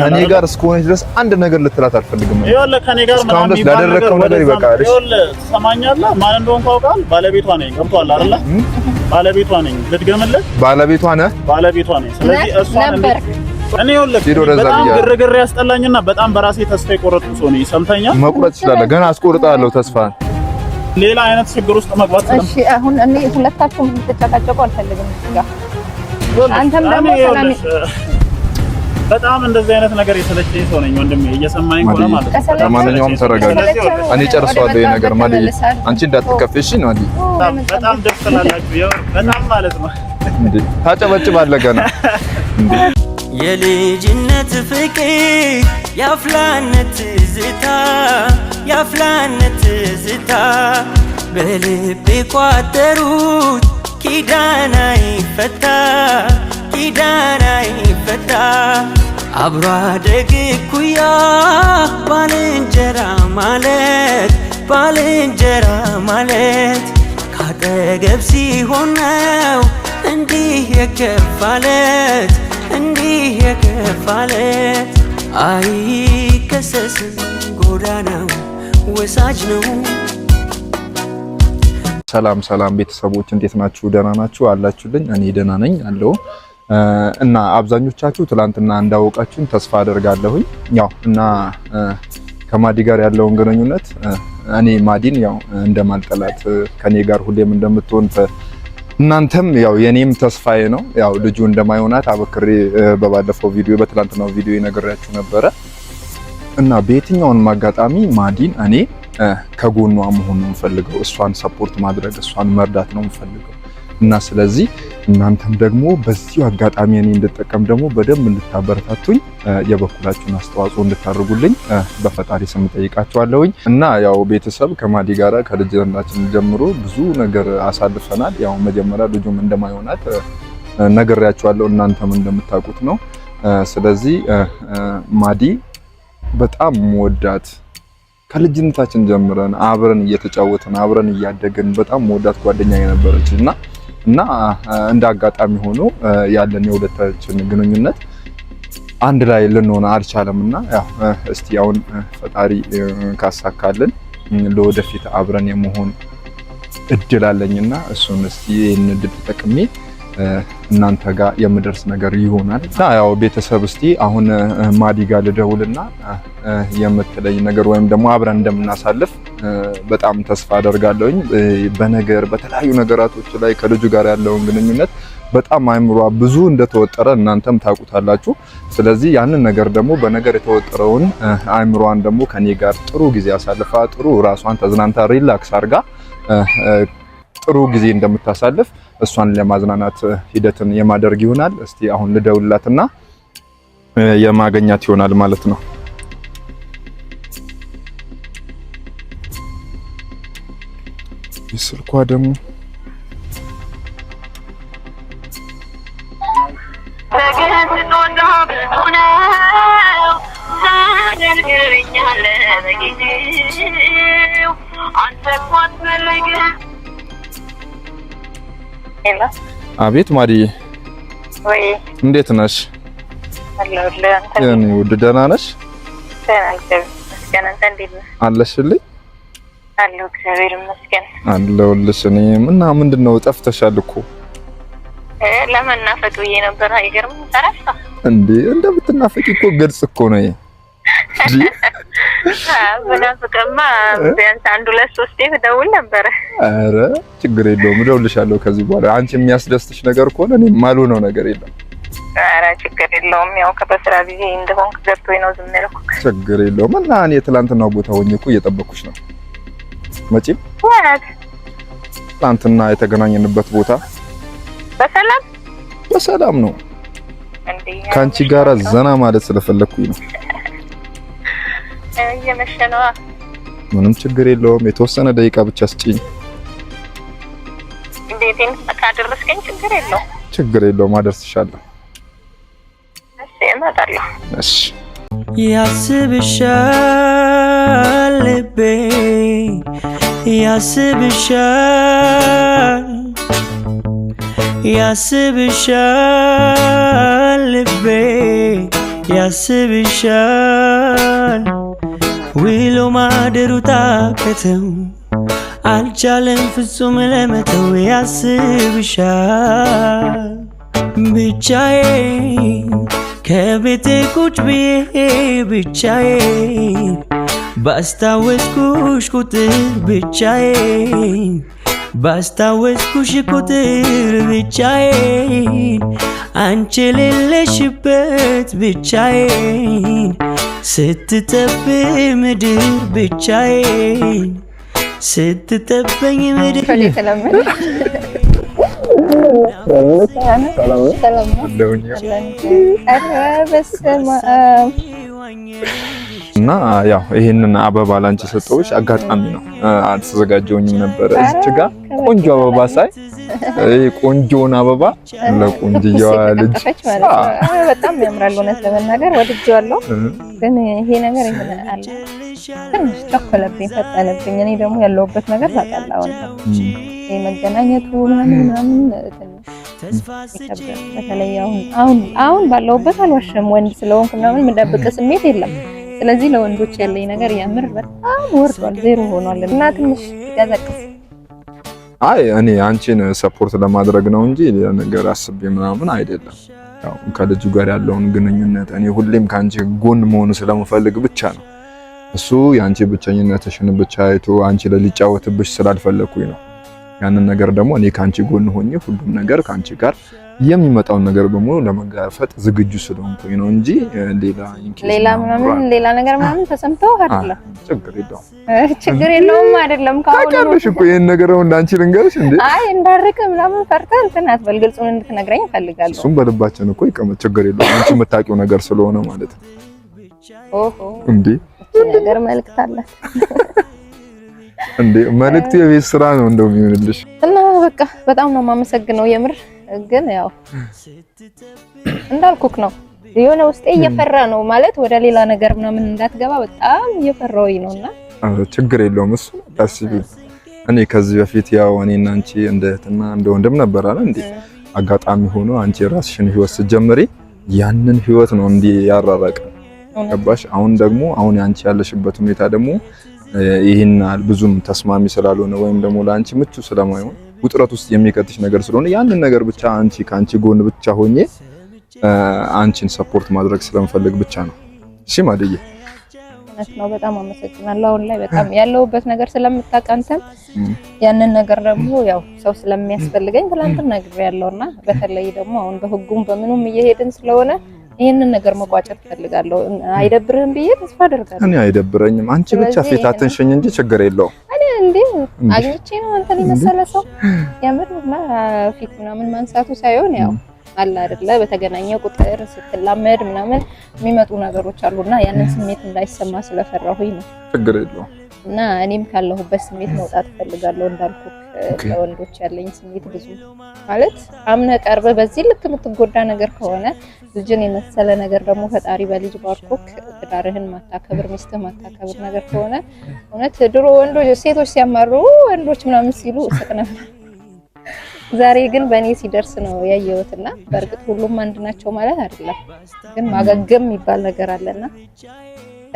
ከኔ ጋር እስከሆነች ድረስ አንድ ነገር ልትላት አልፈልግም። ይኸውልህ ከኔ ጋር ምናምን ላደረግከው ነገር ይበቃል። ይኸውልህ ትሰማኛለህ? ማን እንደሆነ ታውቃል። ባለቤቷ ነኝ። ገብቶሃል አይደለ? ባለቤቷ ነኝ። ልትገምልህ? ባለቤቷ ነህ። ባለቤቷ ነኝ። ስለዚህ እሷ ነበር እኔ ይኸውልህ በጣም ግርግር ያስጠላኝና በጣም በራሴ ተስፋ የቆረጥኩ ሰው ነኝ። ሰምተኛ መቁረጥ ይችላል። ገና አስቆርጣለሁ ተስፋ ሌላ አይነት ችግር ውስጥ መግባት። ነው። እሺ አሁን እኔ ሁለታችሁም ልትጨቃጨቁ አልፈልግም። ጋር አንተም ደግሞ ሰላም በጣም እንደዚህ አይነት ነገር የሰለቸኝ ሰው ነኝ ወንድሜ፣ እየሰማኝ ከሆነ ማለት ነው። ለማንኛውም ተረጋጋ፣ እኔ ጨርሰዋለሁ ይሄ ነገር ማለዬ። አንቺ እንዳትከፍሽ ነው። በጣም ደስ ስላላችሁ በጣም ማለት ነው። ታጨበጭባለህ ገና የልጅነት ፍቅር የአፍላነት ትዝታ የአፍላነት ትዝታ በልቤ ቋጠሩት ኪዳና ይፈታ ኪዳን አይፈታ አብሮ አደግ እኩያ ባልንጀራ ማለት ባልንጀራ ማለት ካጠገብ ሲሆን ነው እንዲህ የከፋለት እንዲህ የከፋለት አይከሰስም ጎዳናው ወሳጅ ነው። ሰላም ሰላም ቤተሰቦች እንዴት ናችሁ? ደህና ናችሁ አላችሁልኝ? እኔ ደህና ነኝ አለው እና አብዛኞቻችሁ ትላንትና እንዳወቃችሁን ተስፋ አደርጋለሁኝ። ያው እና ከማዲ ጋር ያለውን ግንኙነት እኔ ማዲን ያው እንደማልጠላት ከኔ ጋር ሁሌም እንደምትሆን እናንተም ያው የኔም ተስፋዬ ነው። ያው ልጁ እንደማይሆናት አበክሬ በባለፈው ቪዲዮ በትላንትናው ቪዲዮ የነገራችሁ ነበረ እና በየትኛውን አጋጣሚ ማዲን እኔ ከጎኗ መሆን ነው የምፈልገው። እሷን ሰፖርት ማድረግ እሷን መርዳት ነው የምፈልገው። እና ስለዚህ እናንተም ደግሞ በዚሁ አጋጣሚ እኔ እንድጠቀም ደግሞ በደንብ እንድታበረታቱኝ የበኩላችሁን አስተዋጽኦ እንድታደርጉልኝ በፈጣሪ ስም ጠይቃችኋለሁኝ። እና ያው ቤተሰብ ከማዲ ጋራ ከልጅነታችን ጀምሮ ብዙ ነገር አሳልፈናል። ያው መጀመሪያ ልጁም እንደማይሆናት ነግሬያችኋለሁ፣ እናንተም እንደምታውቁት ነው። ስለዚህ ማዲ በጣም መወዳት ከልጅነታችን ጀምረን አብረን እየተጫወትን አብረን እያደግን በጣም መወዳት ጓደኛ የነበረች እና እና እንደ አጋጣሚ ሆኖ ያለን የሁለታችን ግንኙነት አንድ ላይ ልንሆን አልቻለም። እና እስቲ አሁን ፈጣሪ ካሳካልን ለወደፊት አብረን የመሆን እድል እና እሱን እስቲ ይህን እድል ተጠቅሜ እናንተ ጋር የምደርስ ነገር ይሆናል እና ያው ቤተሰብ እስቲ አሁን ማዲጋ ልደውልና የምትለይ ነገር ወይም ደግሞ አብረን እንደምናሳልፍ በጣም ተስፋ አደርጋለሁኝ። በነገር በተለያዩ ነገራቶች ላይ ከልጁ ጋር ያለውን ግንኙነት በጣም አይምሯ ብዙ እንደተወጠረ እናንተም ታውቁታላችሁ። ስለዚህ ያንን ነገር ደግሞ በነገር የተወጠረውን አይምሯን ደግሞ ከኔ ጋር ጥሩ ጊዜ አሳልፋ ጥሩ ራሷን ተዝናንታ ሪላክስ አድርጋ ጥሩ ጊዜ እንደምታሳልፍ እሷን ለማዝናናት ሂደትን የማደርግ ይሆናል። እስቲ አሁን ልደውልላትና የማገኛት ይሆናል ማለት ነው። ስልኳ ደግሞ አቤት ማዲዬ፣ እንዴት ነሽ? ውድ ደህና ነሽ አለሽልኝ? አለሁ እግዚአብሔር ይመስገን አለሁልሽ። እኔ እና ምንድን ነው ጠፍተሻል እኮ ለመናፈቅ ብዬ ነበር። አይገርም ተረሳ እንዴ! እንደምትናፈቂ እኮ ግልጽ እኮ ነው። ብናፍቅማ ቢያንስ አንድ ሁለት ሶስቴ ብደውል ነበረ። ኧረ ችግር የለውም እደውልልሻለሁ ከዚህ በኋላ አንቺ የሚያስደስትሽ ነገር ከሆነ እኔ የማልሆነው ነገር የለም። ኧረ ችግር የለውም ያው ከበስራ ጊዜ እንደሆንክ ገብቶኝ ነው ዝም ያልኩህ። ችግር የለውም እና እኔ ትናንትና ቦታ ሆኜ እኮ እየጠበኩሽ ነው መጪም ትናንትና የተገናኘንበት ቦታ በሰላም በሰላም ነው። ከአንቺ ጋር ዘና ማለት ስለፈለኩኝ ነው። እየመሸ ነዋ። ምንም ችግር የለውም። የተወሰነ ደቂቃ ብቻ ስጪኝ። ቤቴን ካደረስከኝ ችግር የለውም። ችግር የለውም። አደርስሻለሁ። እሺ፣ እመጣለሁ። እሺ ያስብሻል ልቤ ያስብሻል ያስብሻል ልቤ ያስብሻል ውሎ ማደሩ ታከተው አልቻለም ፍጹም ለመተው ያስብሻል ብቻዬ ከቤቴ ቁጭ ብዬ ብቻዬ ባስታወስኩሽ ቁጥር ብቻዬ ባስታወስኩሽ ቁጥር ብቻዬ አንቺ ሌለሽበት ብቻዬ ስትጠብ ምድር ብቻዬ ስትጠበኝ ምድር እና ያው ይህንን አበባ ላንቺ ሰጠሁሽ። አጋጣሚ ነው አልተዘጋጀውኝም ነበረ። እዚች ጋር ቆንጆ አበባ ሳይ ቆንጆውን አበባ ለቆንጅየዋ ልጅ በጣም ያምራል። እውነት ለመናገር ወድጄዋለሁ፣ ግን ይሄ ነገር ትንሽ ቸኮለብኝ፣ ፈጠነብኝ። እኔ ደግሞ ያለሁበት ነገር ታውቃለህ አሁን የመገናኘቱ ምናምን ምናምን በተለይ አሁን አሁን ባለውበት አልዋሸም፣ ወንድ ስለሆንኩ ምናምን የምደብቅ ስሜት የለም። ስለዚህ ለወንዶች ያለኝ ነገር የምር በጣም ወርዷል፣ ዜሮ ሆኗል እና ትንሽ ያዘቅስ አይ እኔ አንቺን ሰፖርት ለማድረግ ነው እንጂ ነገር አስቤ ምናምን አይደለም። ያው ከልጁ ጋር ያለውን ግንኙነት እኔ ሁሌም ከአንቺ ጎን መሆኑ ስለምፈልግ ብቻ ነው። እሱ የአንቺ ብቸኝነትሽን ብቻ አይቶ አንቺ ለሊጫወትብሽ ስላልፈለግኩኝ ነው። ያንን ነገር ደግሞ እኔ ከአንቺ ጎን ሆኜ ሁሉም ነገር ከአንቺ ጋር የሚመጣውን ነገር በሙሉ ለመጋፈጥ ዝግጁ ስለሆንኩኝ ነው እንጂ ሌላ ሌላ ምናምን ሌላ ነገር ምናምን ተሰምተው አይደለም። ችግር የለውም ችግር የለውም አይደለም። ታውቂያለሽ እኮ ይሄን ነገር ነው እንዳንቺ ልንገርሽ እንዴ? አይ እንዳርቅ ምናምን ፈርተህ እንትን አትበል፣ ግልጽ እንድትነግረኝ እፈልጋለሁ። እሱም በልባችን እኮ ይቀመጥ፣ ችግር የለውም። አንቺ የምታውቂው ነገር ስለሆነ ማለት ነው። ኦሆ እንዴ ነገር መልክት አላት እንዴ መልእክቱ የቤት ስራ ነው እንደው የሚሆንልሽ። እና በቃ በጣም ነው የማመሰግነው። የምር ግን ያው እንዳልኩክ ነው የሆነ ውስጤ እየፈራ ነው ማለት ወደ ሌላ ነገር ምናምን እንዳትገባ በጣም እየፈራሁኝ ነውና፣ ችግር የለውም እሱ ታስቢ። እኔ ከዚህ በፊት ያው እኔ እና አንቺ እንደ እህትና እንደ ወንድም ነበር አለ እንዴ። አጋጣሚ ሆኖ አንቺ የራስሽን ህይወት ስትጀምሪ ያንን ህይወት ነው እንዲህ ያራራቀ ገባሽ። አሁን ደግሞ አሁን አንቺ ያለሽበት ሁኔታ ደግሞ ይህን ብዙም ተስማሚ ስላልሆነ ወይም ደግሞ ለአንቺ ምቹ ስለማይሆን ውጥረት ውስጥ የሚከትሽ ነገር ስለሆነ ያንን ነገር ብቻ አንቺ ከአንቺ ጎን ብቻ ሆኜ አንቺን ሰፖርት ማድረግ ስለምፈልግ ብቻ ነው። እሺ ማደዬ፣ እውነት ነው። በጣም አመሰግናለሁ። አሁን ላይ በጣም ያለሁበት ነገር ስለምታውቅ አንተም ያንን ነገር ደግሞ ያው ሰው ስለሚያስፈልገኝ ትናንትና ነግሬያለሁና በተለይ ደግሞ አሁን በህጉም በምኑም እየሄድን ስለሆነ ይህንን ነገር መቋጨት እፈልጋለሁ። አይደብርህም ብዬ ተስፋ አደርጋለሁ። እኔ አይደብረኝም። አንቺ ብቻ ፊት አትንሽኝ እንጂ ችግር የለውም። እኔ እንዴ አግኝቼ ነው አንተን የመሰለ ሰው ያምርና ፊት ምናምን ማንሳቱ ሳይሆን ያው አለ አይደለ፣ በተገናኘ ቁጥር ስትላመድ ምናምን የሚመጡ ነገሮች አሉና ያንን ስሜት እንዳይሰማ ስለፈራሁኝ ነው። ችግር የለውም። እና እኔም ካለሁበት ስሜት መውጣት እፈልጋለሁ። እንዳልኩ ለወንዶች ያለኝ ስሜት ብዙ ማለት አምነ ቀርበ በዚህ ልክ የምትጎዳ ነገር ከሆነ ልጅን የመሰለ ነገር ደግሞ ፈጣሪ በልጅ ባርኮክ ትዳርህን ማታከብር ሚስትህ ማታከብር ነገር ከሆነ እውነት ድሮ ወንዶች ሴቶች ሲያማሩ ወንዶች ምናምን ሲሉ እስቅ ነበር። ዛሬ ግን በእኔ ሲደርስ ነው ያየሁትና በእርግጥ ሁሉም አንድ ናቸው ማለት አይደለም፣ ግን ማገገም የሚባል ነገር አለና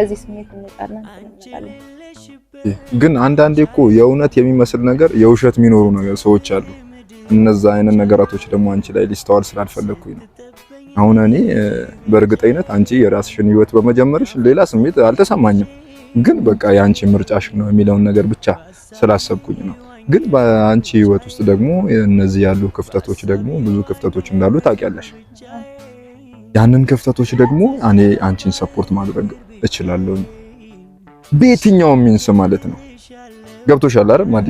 ከዚህ ስሜት እንወጣለን እንመጣለን። ግን አንዳንዴ እኮ የእውነት የሚመስል ነገር የውሸት የሚኖሩ ነገር ሰዎች አሉ። እነዛ አይነት ነገራቶች ደግሞ አንቺ ላይ ሊስተዋል ስላልፈለግኩኝ ነው። አሁን እኔ በእርግጠኝነት አንቺ የራስሽን ህይወት በመጀመርሽ ሌላ ስሜት አልተሰማኝም። ግን በቃ የአንቺ ምርጫሽ ነው የሚለውን ነገር ብቻ ስላሰብኩኝ ነው። ግን በአንቺ ህይወት ውስጥ ደግሞ እነዚህ ያሉ ክፍተቶች ደግሞ ብዙ ክፍተቶች እንዳሉ ታውቂያለሽ። ያንን ክፍተቶች ደግሞ እኔ አንቺን ሰፖርት ማድረግ እችላለሁ። በየትኛውም ሚንስ ማለት ነው። ገብቶሻል አይደል ማዲ?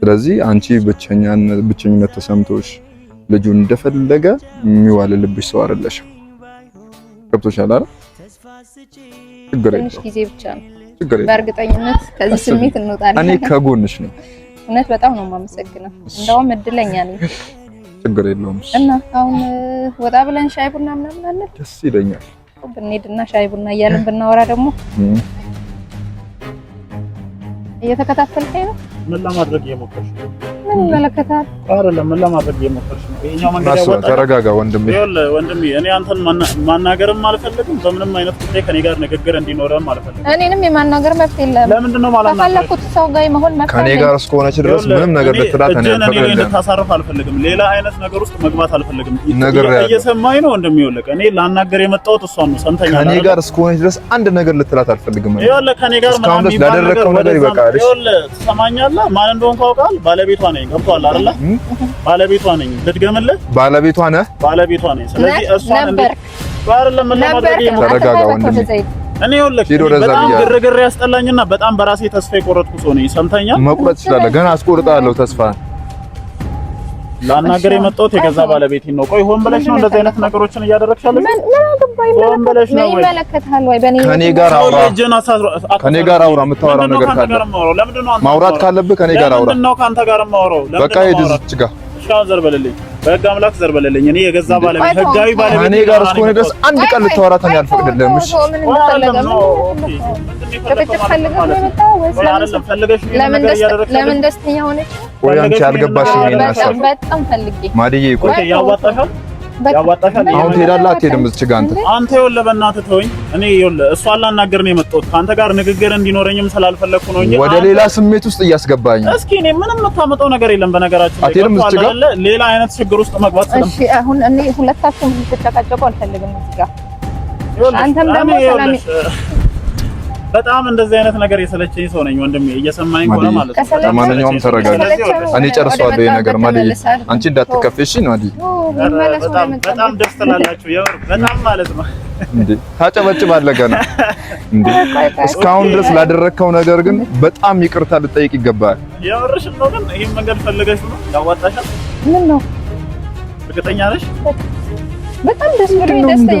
ስለዚህ አንቺ ብቸኝነት ተሰምቶሽ ልጁን እንደፈለገ የሚዋልልብሽ ሰው አይደለሽም። ገብቶሻል አይደል? ችግር የለውም። ጊዜ ብቻ ነው። በእርግጠኝነት ከዚህ ስሜት እንወጣለን። እኔ ከጎንሽ ነው። እውነት በጣም ነው የማመሰግነው። እንደውም እድለኛ ነኝ። ችግር የለውም እና አሁን ወጣ ብለን ሻይ ቡና ምናምን አለ። ደስ ይለኛል። ብንሄድና ሻይ ቡና እያለን ብናወራ ደግሞ እየተከታተልከኝ ነው ምን ለማድረግ እየሞከርሽ ምን ይመለከታል? አይደለም። ምን ለማድረግ እየሞከርሽ ነው? ይሄኛው መንገድ ያወጣ። ተረጋጋ ወንድሜ። ይኸውልህ ወንድሜ፣ እኔ አንተን ማናገርም አልፈልግም። በምንም አይነት ጉዳይ ከኔ ጋር ንግግር እንዲኖረም አልፈልግም። እኔንም የማናገር መብት የለም። ለምንድን ነው ማለት ነው? ከፈለኩት ሰው ጋር መሆን መብት ከኔ ጋር እስከሆነች ድረስ ምንም ነገር ልትላት እኔ አልፈልግም። ልታሳርፍ አልፈልግም። ሌላ አይነት ነገር ውስጥ መግባት አልፈልግም። እየሰማኸኝ ነው ወንድሜ? ይኸውልህ እኔ ላናገር የመጣሁት እሷን ነው። ሰምተኛ ከኔ ጋር እስከሆነች ድረስ አንድ ነገር ልትላት አልፈልግም። ይኸውልህ ከኔ ጋር ምናምን ላደረከው ነገር ይበቃል። ይኸውልህ ትሰማኛለህ? ማን እንደሆንኩ አውቃለሁ። ባለቤቷ ነኝ ገብቶሃል አይደለ? ባለቤቷ ነኝ። ልድገምልህ፣ ባለቤቷ ነህ። ባለቤቷ ነኝ። ስለዚህ እሷን እንደ ባረለም ተረጋጋ እኔ ይኸውልህ በጣም ግርግር ያስጠላኝና በጣም በራሴ ተስፋ የቆረጥኩ ሰው ነኝ። ሰምተኛል። መቁረጥ ትችላለህ። ገና አስቆርጣለሁ ተስፋ ላናገር የመጣሁት የገዛ ባለቤቴን ነው። ቆይ ሆን ብለሽ ነው እንደዚህ አይነት ነገሮችን እያደረግሻለሽ? ከኔ ጋር አውራ፣ ከኔ ጋር አውራ። የምታወራው ነገር ካለ ማውራት ካለብህ ከኔ ጋር አውራ። በቃ ሂድ እዚች ጋር በህግ አምላክ ዘር በለልኝ። እኔ የገዛ ባለቤት ህጋዊ ባለቤት እኔ ጋር እስከሆነ ድረስ አንድ ቀን ልታወራት አልፈቅድልህም። እሺ ለምን ደስተኛ ሆነች? ያዋጣሻል። አሁን ትሄዳለህ አትሄድም? እዚህ ጋር አንተ አንተ ይኸውልህ፣ በእናትህ ተወኝ። እኔ ይኸውልህ፣ እሷ አላናገር ነው የመጣሁት ከአንተ ጋር ንግግር እንዲኖረኝም ስላልፈለኩ ነው እንጂ ወደ ሌላ ስሜት ውስጥ እያስገባኝ። እስኪ እኔ ምንም የምታመጣው ነገር የለም። በነገራችን አትሄድም? እዚህ ጋር ሌላ አይነት ችግር ውስጥ መግባት ስለም። እሺ አሁን እኔ ሁለታችሁም ልትጨቃጨቁ አልፈልግም። እዚህ ጋር አንተም ደግሞ ሰላም በጣም እንደዚህ አይነት ነገር የሰለቸኝ ሰው ነኝ ወንድሜ፣ እየሰማኝ ሆነ ማለት ነው። ለማንኛውም ተረጋጋ፣ እኔ ጨርሰዋለሁ። ይሄ ነገር ማለት አንቺ እንዳትከፍሽ ማዲ። በጣም በጣም ደስ ትላላችሁ፣ በጣም ማለት ነው። እንዴ ታጨበጭባለህ ገና እንዴ? እስካሁን ድረስ ላደረግከው ነገር ግን በጣም ይቅርታ ልጠይቅ ይገባል። የምርሽ ነው ግን ይሄን መንገድ ፈልገሽ ነው ያዋጣሻል። ምን ነው እርግጠኛ ነሽ? በጣም ደስ ብሎኝ ደስ ደስተኛ